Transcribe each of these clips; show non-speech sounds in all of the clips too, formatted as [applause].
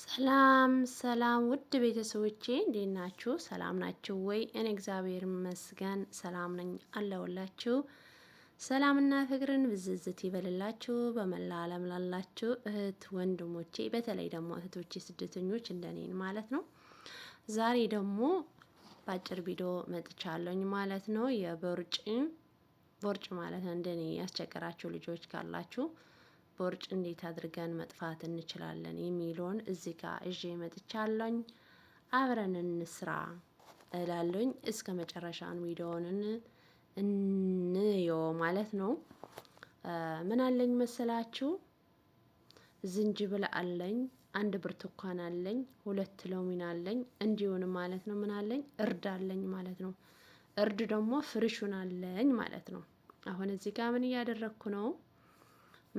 ሰላም ሰላም ውድ ቤተሰቦቼ እንዴት ናችሁ? ሰላም ናችሁ ወይ? እኔ እግዚአብሔር ይመስገን ሰላም ነኝ አለውላችሁ። ሰላምና ፍቅርን ብዝዝት ይበልላችሁ በመላ ዓለም ላላችሁ እህት ወንድሞቼ፣ በተለይ ደግሞ እህቶቼ ስደተኞች እንደኔን ማለት ነው። ዛሬ ደግሞ በአጭር ቪዲዮ መጥቻለኝ ማለት ነው። የቦርጭ ቦርጭ ማለት ነው እንደኔ ያስቸገራችሁ ልጆች ካላችሁ ቦርጭ እንዴት አድርገን መጥፋት እንችላለን የሚለውን እዚህ ጋር እዤ መጥቻለኝ። አብረን እንስራ እላለኝ። እስከ መጨረሻን ቪዲዮውን እንየው ማለት ነው። ምን አለኝ መሰላችሁ? ዝንጅብል አለኝ፣ አንድ ብርቱካን አለኝ፣ ሁለት ሎሚን አለኝ። እንዲሁንም ማለት ነው ምን አለኝ እርድ አለኝ ማለት ነው። እርድ ደግሞ ፍርሹን አለኝ ማለት ነው። አሁን እዚህ ጋር ምን እያደረግኩ ነው?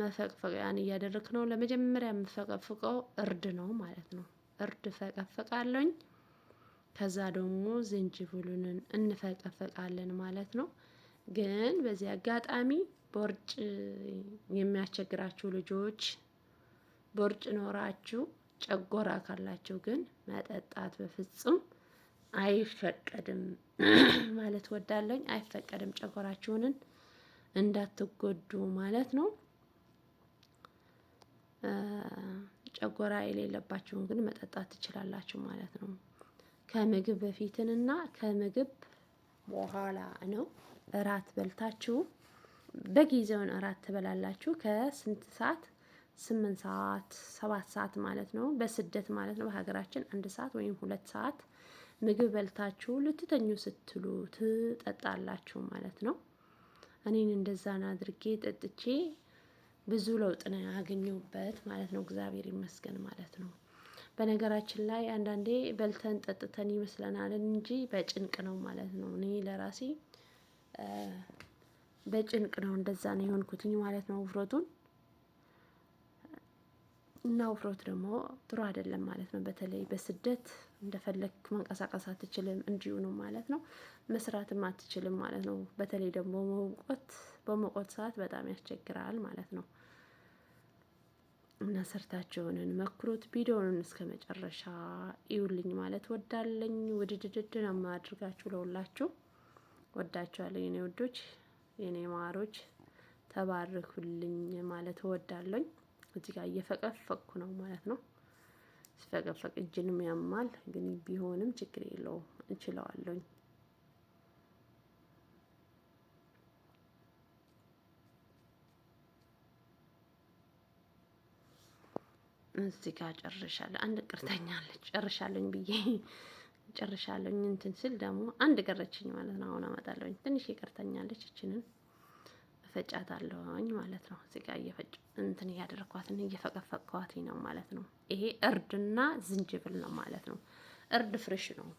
መፈቅፈቂያን እያደረግ ነው። ለመጀመሪያ የምፈቀፍቀው እርድ ነው ማለት ነው። እርድ ፈቀፍቃለኝ። ከዛ ደግሞ ዝንጅብሉንን እንፈቀፍቃለን ማለት ነው። ግን በዚህ አጋጣሚ ቦርጭ የሚያስቸግራችሁ ልጆች ቦርጭ ኖራችሁ ጨጎራ ካላችሁ ግን መጠጣት በፍጹም አይፈቀድም [clears throat] ማለት ወዳለኝ አይፈቀድም። ጨጎራችሁንን እንዳትጎዱ ማለት ነው። ጨጎራ የሌለባችሁን ግን መጠጣት ትችላላችሁ ማለት ነው። ከምግብ በፊትንና ከምግብ በኋላ ነው። እራት በልታችሁ በጊዜውን እራት ትበላላችሁ። ከስንት ሰዓት? ስምንት ሰዓት ሰባት ሰዓት ማለት ነው። በስደት ማለት ነው። በሀገራችን አንድ ሰዓት ወይም ሁለት ሰዓት ምግብ በልታችሁ ልትተኙ ስትሉ ትጠጣላችሁ ማለት ነው። እኔን እንደዛን አድርጌ ጠጥቼ ብዙ ለውጥ ነው ያገኘሁበት ማለት ነው። እግዚአብሔር ይመስገን ማለት ነው። በነገራችን ላይ አንዳንዴ በልተን ጠጥተን ይመስለናል እንጂ በጭንቅ ነው ማለት ነው። እኔ ለራሴ በጭንቅ ነው እንደዛ ነው የሆንኩትኝ ማለት ነው። ውፍረቱን እና ውፍረት ደግሞ ጥሩ አይደለም ማለት ነው። በተለይ በስደት እንደፈለግክ መንቀሳቀስ አትችልም፣ እንዲሁ ነው ማለት ነው። መስራትም አትችልም ማለት ነው። በተለይ ደግሞ መውቆት በመውቆት ሰዓት በጣም ያስቸግራል ማለት ነው። እና ሰርታችሁንን መክሩት። ቪዲዮውን እስከ መጨረሻ ይውልኝ ማለት ወዳለኝ ውድድድድ ነው የማድርጋችሁ። ለሁላችሁ ወዳችኋለሁ የኔ ውዶች፣ የኔ ማሮች፣ ተባርኩልኝ ማለት ወዳለኝ። እዚህ ጋር እየፈቀፈቅኩ ነው ማለት ነው። ሲፈቀፈቅ እጅንም ያማል፣ ግን ቢሆንም ችግር የለውም፣ እንችለዋለኝ። እዚህ ጋር ጨርሻለሁ። አንድ ቅርተኛለች ጨርሻለኝ ብዬ ጨርሻለኝ እንትን ስል ደግሞ አንድ ቀረችኝ ማለት ነው። አሁን አመጣለሁኝ ትንሽ ቅርተኛለች እችንን እፈጫታለሁኝ ማለት ነው። እዚህ ጋር እየፈጭ እንትን እያደረኳትን እየፈቀፈቅኳት ነው ማለት ነው። ይሄ እርድና ዝንጅብል ነው ማለት ነው። እርድ ፍርሽ ነው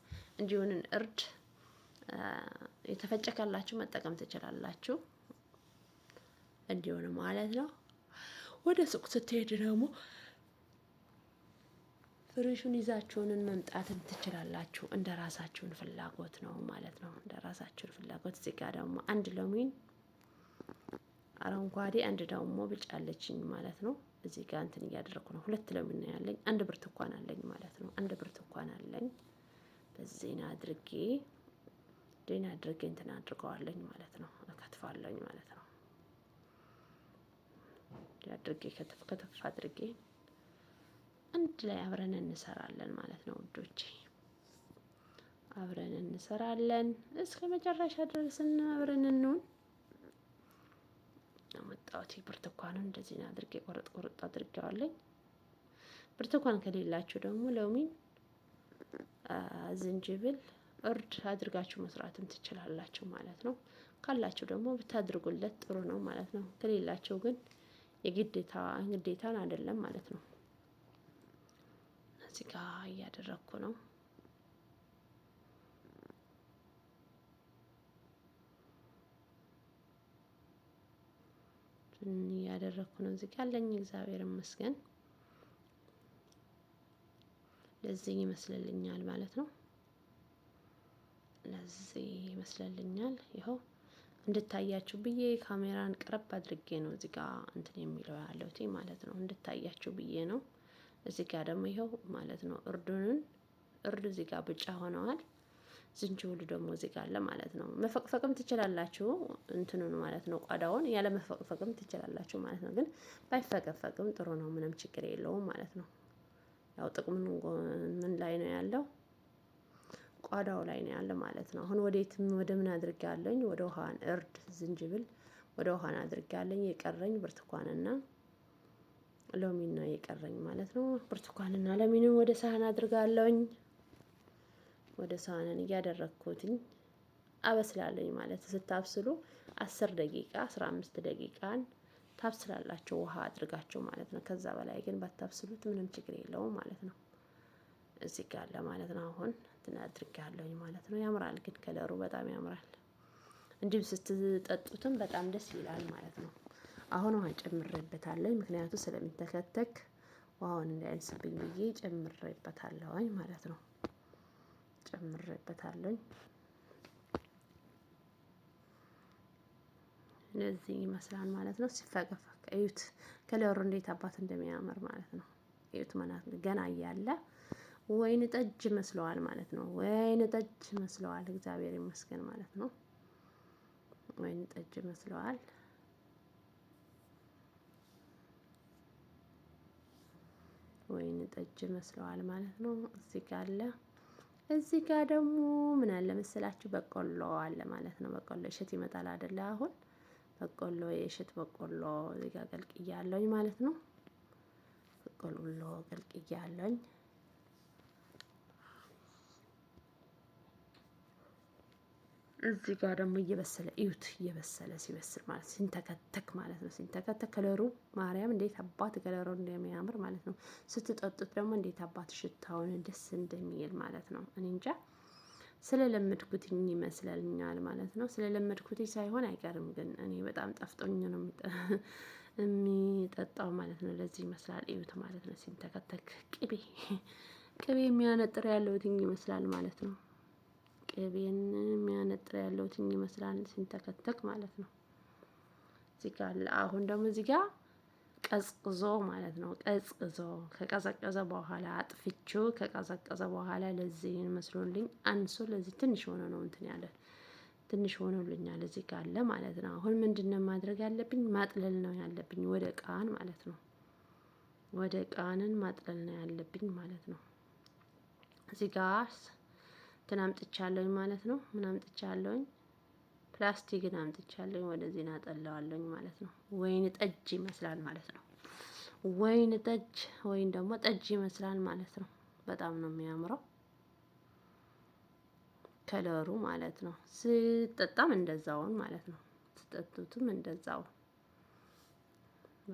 እንዲሁንን እርድ የተፈጨካላችሁ መጠቀም ትችላላችሁ። እንዲሆን ማለት ነው። ወደ ሱቅ ስትሄድ ደግሞ ፍሬሹን ይዛችሁንን መምጣትን ትችላላችሁ። እንደ ራሳችሁን ፍላጎት ነው ማለት ነው። እንደ ራሳችሁን ፍላጎት። እዚህ ጋር ደግሞ አንድ ለሚን አረንጓዴ፣ አንድ ደግሞ ብጫ አለችኝ ማለት ነው። እዚህ ጋር እንትን እያደረኩ ነው። ሁለት ሎሚን ያለኝ፣ አንድ ብርቱካን አለኝ ማለት ነው። አንድ ብርቱካን አለኝ። በዚህን አድርጌ ዴን አድርጌ እንትን አድርገዋለኝ ማለት ነው። እከትፋለኝ ማለት ነው። አድርጌ ከተፍ ከተፍ አድርጌ አንድ ላይ አብረን እንሰራለን ማለት ነው ውዶቼ። አብረን እንሰራለን እስከ መጨረሻ ድረስ አብረን እንውን። አመጣሁት ብርቱካኑን እንደዚህ አድርጌ ቆረጥ ቆረጥ አድርጌዋለኝ። ብርቱካን ከሌላችሁ ደግሞ ሎሚን፣ ዝንጅብል፣ እርድ አድርጋችሁ መስራትም ትችላላችሁ ማለት ነው። ካላችሁ ደግሞ ብታድርጉለት ጥሩ ነው ማለት ነው። ከሌላችሁ ግን የግዴታ ግዴታን አይደለም ማለት ነው። እዚህ ጋ እያደረግኩ ነው። እያደረግኩ ነው። እዚህ ጋ አለኝ። እግዚአብሔር ይመስገን። ለዚህ ይመስልልኛል ማለት ነው። ለዚህ ይመስልልኛል። ይኸው እንድታያችሁ ብዬ ካሜራን ቀረብ አድርጌ ነው እዚህ ጋ እንትን የሚለው ያለሁት ማለት ነው። እንድታያችሁ ብዬ ነው። እዚህ ጋር ደግሞ ይኸው ማለት ነው እርዱንን እርዱ እዚህ ጋር ብጫ ሆነዋል። ዝንጅብል ደግሞ እዚህ ጋር አለ ማለት ነው። መፈቅፈቅም ትችላላችሁ እንትኑን ማለት ነው ቆዳውን ያለ መፈቅፈቅም ትችላላችሁ ማለት ነው። ግን ባይፈቀፈቅም ጥሩ ነው፣ ምንም ችግር የለውም ማለት ነው። ያው ጥቅም ምን ላይ ነው ያለው? ቆዳው ላይ ነው ያለ ማለት ነው። አሁን ወዴት ወደ ምን አድርግ ያለኝ ወደ ውሃን እርድ ዝንጅብል ወደ ውሃን አድርግ ያለኝ የቀረኝ ብርቱካንና ሎሚን ነው የቀረኝ ማለት ነው። ብርቱካንና ሎሚንን ወደ ሳህን አድርጋለሁኝ። ወደ ሳህንን እያደረግኩትኝ አበስላለኝ ማለት ስታብስሉ አስር ደቂቃ አስራ አምስት ደቂቃን ታብስላላቸው ውሃ አድርጋቸው ማለት ነው። ከዛ በላይ ግን ባታብስሉት ምንም ችግር የለውም ማለት ነው። እዚህ ጋር ማለት ነው። አሁን እንትን አድርጋለሁኝ ማለት ነው። ያምራል ግን ከለሩ በጣም ያምራል። እንዲሁም ስትጠጡትም በጣም ደስ ይላል ማለት ነው። አሁን ውሃ ጨምሬበታለሁ። ምክንያቱም ስለሚተከተክ ውሃውን እንዳያንስብኝ ብዬ ጨምሬበታለሁኝ ማለት ነው። ጨምሬበታለሁኝ እንደዚህ ይመስላል ማለት ነው። ሲፈቀፈቅ እዩት፣ ከለሩ እንዴት አባት እንደሚያምር ማለት ነው። እዩት ማለት ገና እያለ ወይን ጠጅ መስለዋል ማለት ነው። ወይን ጠጅ መስለዋል። እግዚአብሔር ይመስገን ማለት ነው። ወይን ጠጅ መስለዋል። ወይን ጠጅ መስለዋል ማለት ነው። እዚህ ጋር አለ። እዚህ ጋር ደግሞ ምን አለ መሰላችሁ? በቆሎ አለ ማለት ነው። በቆሎ እሸት ይመጣል አይደለ? አሁን በቆሎ የእሸት በቆሎ እዚህ ጋር ገልቅያለሁኝ ማለት ነው። በቆሎ ገልቅያለሁኝ። እዚህ ጋር ደግሞ እየበሰለ እዩት። እየበሰለ ሲበስል ማለት ሲንተከተክ ማለት ነው። ሲንተከተክ ከለሩ ማርያም እንዴት አባት ከለሩ እንደሚያምር ማለት ነው። ስትጠጡት ደግሞ እንዴት አባት ሽታውን ደስ እንደሚል ማለት ነው። እኔ እንጃ ስለለመድኩትኝ ይመስለኛል ማለት ነው። ስለለመድኩትኝ ሳይሆን አይቀርም ግን እኔ በጣም ጠፍጦኝ ነው የሚጠጣው ማለት ነው። ለዚህ ይመስላል እዩት ማለት ነው። ሲንተከተክ ቅቤ ቅቤ የሚያነጥር ያለውትኝ ይመስላል ማለት ነው። ቅቤን የሚያነጥር ያለው ይመስላል ሲንተከተክ ማለት ነው። እዚህ ጋር አሁን ደግሞ እዚህ ጋር ቀዝቅዞ ማለት ነው ቀዝቅዞ ከቀዘቀዘ በኋላ አጥፍቼው ከቀዘቀዘ በኋላ ለዚህ መስሎልኝ አንሶ ለዚህ ትንሽ ሆኖ ነው እንትን ያለ ትንሽ ሆኖልኛል እዚህ ጋር አለ ማለት ነው። አሁን ነው ማድረግ ያለብኝ ማጥለል ነው ያለብኝ ወደ ቃን ማለት ነው። ወደ ቃንን ማጥለል ነው ያለብኝ ማለት ነው። እዚህ ጋር እንትን አምጥቻለሁኝ ማለት ነው። ምን አምጥቻለሁኝ? ፕላስቲክን አምጥቻለሁኝ። ወደዚህ ናጠለዋለሁኝ ማለት ነው። ወይን ጠጅ ይመስላል ማለት ነው። ወይን ጠጅ ወይን ደግሞ ጠጅ ይመስላል ማለት ነው። በጣም ነው የሚያምረው ከለሩ ማለት ነው። ስጠጣም እንደዛውን ማለት ነው። ስጠጡትም እንደዛው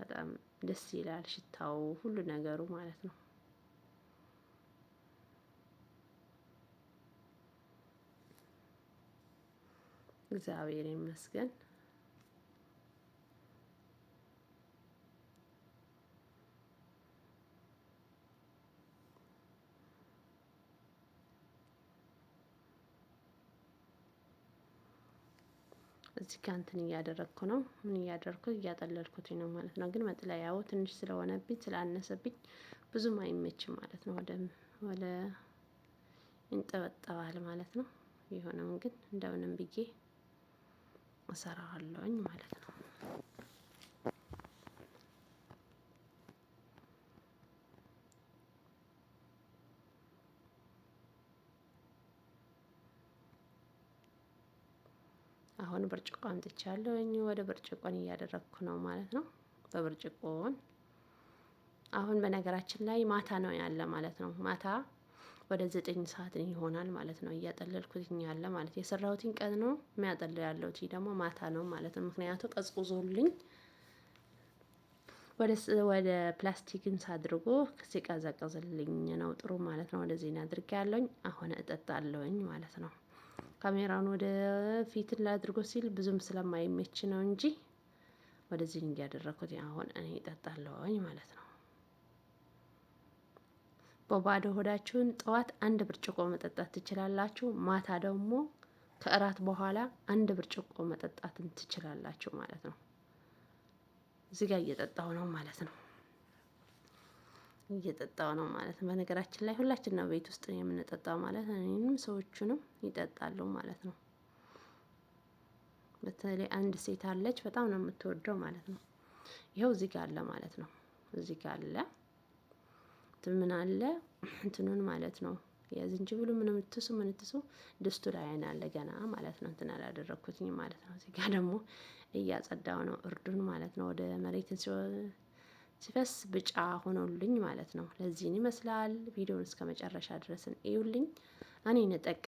በጣም ደስ ይላል። ሽታው ሁሉ ነገሩ ማለት ነው። እግዚአብሔር ይመስገን። እዚህ ጋ እንትን እያደረግኩ ነው። ምን እያደረግኩ እያጠለልኩት ነው ማለት ነው። ግን መጥለያው ትንሽ ስለሆነብኝ ስላነሰብኝ ብዙም አይመችም ማለት ነው። ወደ ወደ ይንጠበጠባል ማለት ነው። ቢሆንም ግን እንደምንም ብዬ እሰራዋለሁኝ ማለት ነው። አሁን ብርጭቆ አምጥቻለሁኝ። ወደ ብርጭቆን እያደረግኩ ነው ማለት ነው። በብርጭቆን አሁን በነገራችን ላይ ማታ ነው ያለ ማለት ነው ማታ ወደ ዘጠኝ ሰዓት ይሆናል ማለት ነው። እያጠለልኩትኝ ያለ ማለት የሰራሁትኝ ቀን ነው የሚያጠል ያለሁት ደግሞ ማታ ነው ማለት ነው። ምክንያቱ ቀዝቅዞልኝ ወደ ፕላስቲክን ሳድርጎ ሲቀዘቅዝልኝ ነው ጥሩ ማለት ነው። ወደዚህ አድርግ ያለውኝ አሁን እጠጣለውኝ ማለት ነው። ካሜራውን ወደ ፊትን ላድርጎ ሲል ብዙም ስለማይመች ነው እንጂ ወደዚህ እያደረግኩት አሁን እኔ እጠጣለውኝ ማለት ነው። በባዶ ሆዳችሁን ጠዋት አንድ ብርጭቆ መጠጣት ትችላላችሁ። ማታ ደግሞ ከእራት በኋላ አንድ ብርጭቆ መጠጣትን ትችላላችሁ ማለት ነው። እዚህ ጋር እየጠጣው ነው ማለት ነው። እየጠጣው ነው ማለት ነው። በነገራችን ላይ ሁላችን ነው ቤት ውስጥ የምንጠጣው ማለት ነው። እኔንም ሰዎቹንም ይጠጣሉ ማለት ነው። በተለይ አንድ ሴት አለች፣ በጣም ነው የምትወደው ማለት ነው። ይኸው እዚህ ጋር አለ ማለት ነው። እዚህ ጋር አለ ምን አለ እንትኑን ማለት ነው የዝንጅብሉ ምን ምትሱ ምን ትሱ ድስቱ ላይ አለ ገና ማለት ነው። እንትን አላደረግኩትኝ ማለት ነው። እዚጋ ጋር ደግሞ እያጸዳው ነው እርዱን ማለት ነው። ወደ መሬትን ሲፈስ ብጫ ሆኖልኝ ማለት ነው። ለዚህን ይመስላል። ቪዲዮውን እስከ መጨረሻ ድረስን እዩልኝ። እኔ ነጠቅ